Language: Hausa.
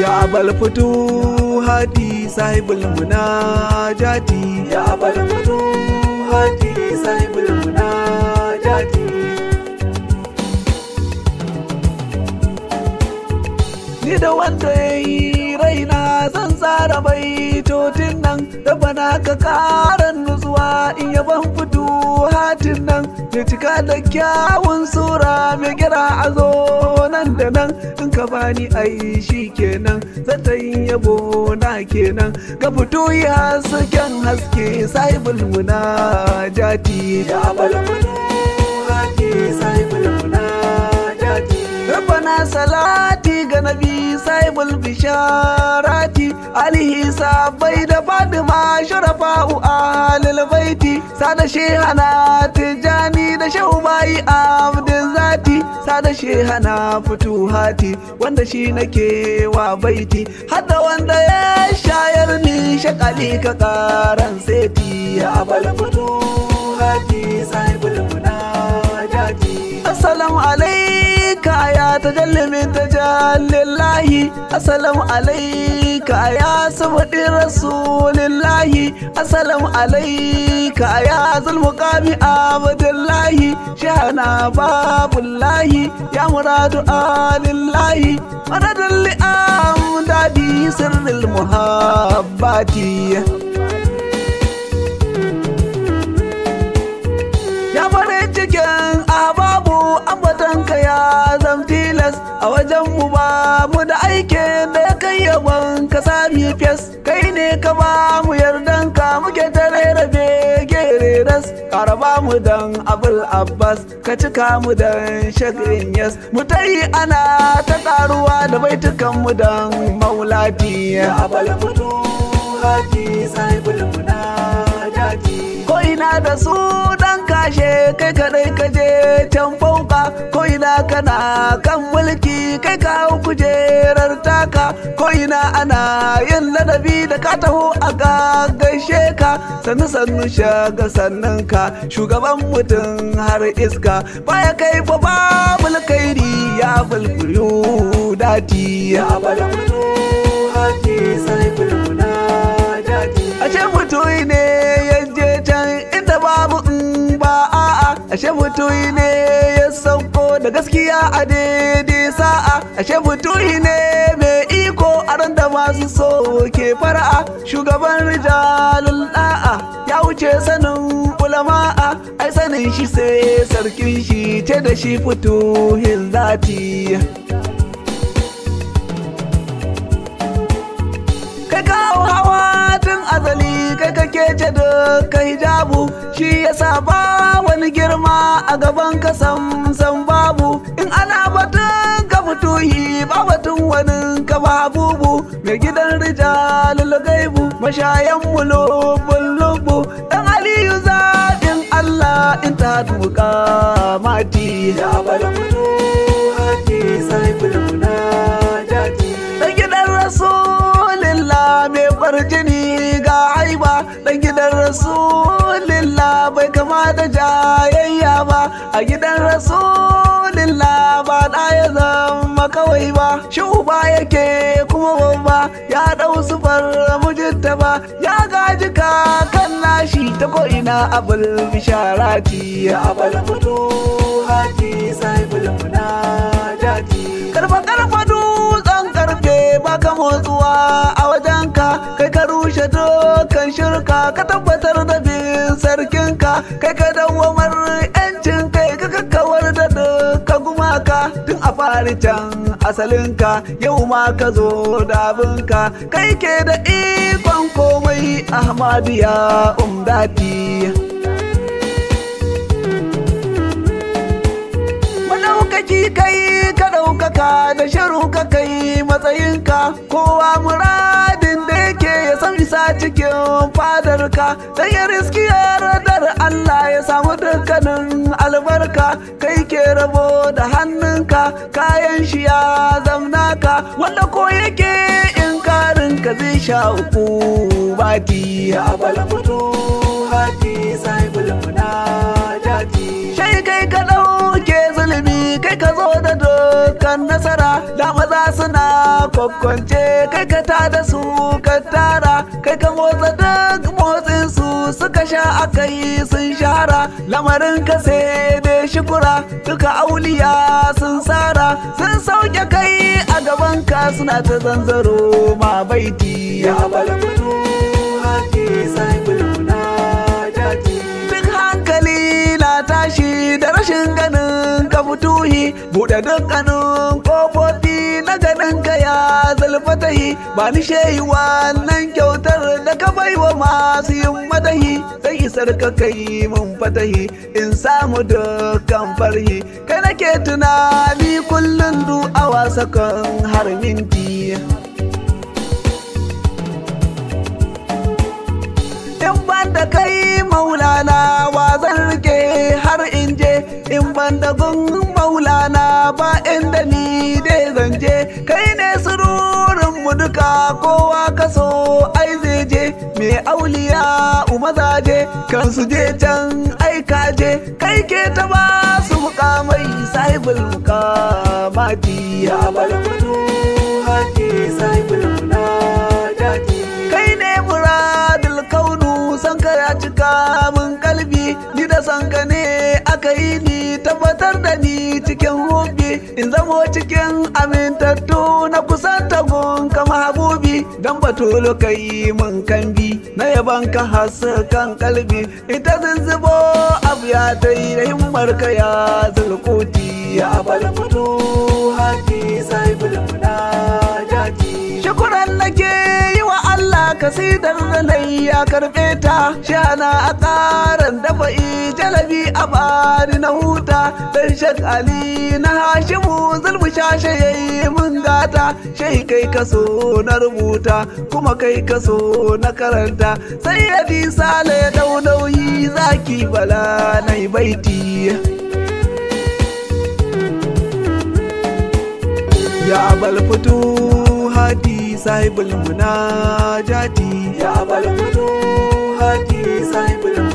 Ya abal fito hadi sahibul muna jati Ya abal fito hadi sahibul muna jati Ni da wanda ya yi raina zan tsara baitotin nan da bana ka kara in yaban fudu hatin nan ya cika da kyawun sura mai gira a zo nan da nan in ka bani ai shi kenan zata yin yabo na kenan ga fito ya haske sai muna jati da balmuna jati sai jati rabana salati ganabi saibul bisharati alihi sabai da fadima sharafa'u ahalil baiti sada shehana tijani da shehu bayi abdul zati sada shehana futuhati wanda shi nake wa baiti hada wanda ya shayar ni shakali ka ta jalillahi assalamu alayka ya sabudi rasulillahi assalamu alayka ya zulmuqami abdullahi shahana babullahi ya muradu alillahi maradun amdadi dadi sirril muhabbati a wajen mu ba mu da aike da kai yawan ka sami fes kai ne ka ba mu yardan ka muke ta rarrabe gere ras karaba mu dan abul abbas ka cika mu dan shagrin yas mu ta ana ta karuwa da baitukan mu dan maulati ya abal mutu haji sahibul munajati ko ina da su ashe kai kaɗai ka je can fauka ko ina kana kan mulki kai ka kujerar taka ko ina ana yin ladabi da ka taho a ga gaishe ka sannu sannu shaga sannan ka shugaban mutum har iska baya kai fa babu alkhairi ya bulbulu dati ya bulbulu hati sai bulbulu dati ashe mutuhi ne ya sauko da gaskiya a daidai sa'a ashe mutuhi ne mai iko a ran da masu so ke fara'a shugaban rijalul da'a ya wuce sanin ulama'a ai sanin shi sai sarkin shi ce da shi fituhin zati Kai kawo hawa tun azali ce da ka hijabu shi yasa ba wani girma a gaban ka samsan babu in ana batun ka fituhi ba batun wani ka bubu mai gidan rija gaibu mashayan mulubun lubu dan aliyu zaɗin allah in ta duka mati ya sai jati gidan mai jini. rasulillah bai kama da jayayya ba a gidan rasulillah ba da ya zama kawai ba shi yake kuma babba ya dau sufar mujinta ba ya gaji ka kan nashi ta ko'ina abul bisharati abul sai bulmuna jati karfa karfa dutsen karfe baka motsuwa a wajenka kai ka rushe dukkan shirka fari can asalinka yau ma ka zo dabinka kai ke da ikon komai ya umdati malaukaki kai ka ɗaukaka da ka kai matsayinka kowa muradin da yake ya san isa cikin fadarka da ya riskiyar ka kai ke rabo da hannunka kayan shi ya zamna ka. wanda ko yake in karin ka zai sha uku ya a mutu hati sai bulmuna jati shai kai ka ɗauke zulumi kai ka zo da dukkan nasara da maza suna kwakwance kai ka tada su ka tara kai ka motsa duk motsin su suka sha akai sun shahara lamarin ka sai tura duka auliya sun tsara, sun sauke kai a gaban ka suna ta zanzaro ma baiti ya duk hankali na tashi da rashin ganin ka fituhi buɗe dukkanin kofa fatahi ba ni shehi wannan kyautar da ka bai wa masu yin madahi zai isar ka kai mun fatahi in samu dukkan farhi kai nake tunani kullum du awa kan har minti in ban da kai maulana wa zan rike har in je in ban da gun maulana ba inda ni dai zan je kai kan su je can aika je kai ke ta ba su mukamai sahibul mukamati ya bar manu saibul na munadati kai ne muradul kaunu san ka ya cika mun kalbi ni da san ne aka yi ni tabbatar da ni cikin hukumi in zamo cikin amintattu na kusan tagun ka habubi don batulo ka yi mun kambi na yaban ka hasu kan kalbi ita zinzibo abu ya ta yi da himmar ka ya zulkuti ya mutu haki sai bulmuna jati shukuran nake kasidar da yi ya karɓe ta shana a tsarin dafa jalabi a bari na huta dan shak ali na hashimu zulmu shashe ya yi mun gata shai kai kaso na rubuta kuma kai kaso na karanta sai ya bi sale ya dau nauyi zaki bala na baiti. ya abal hadi sahibul munajati ya bal hadi sahibul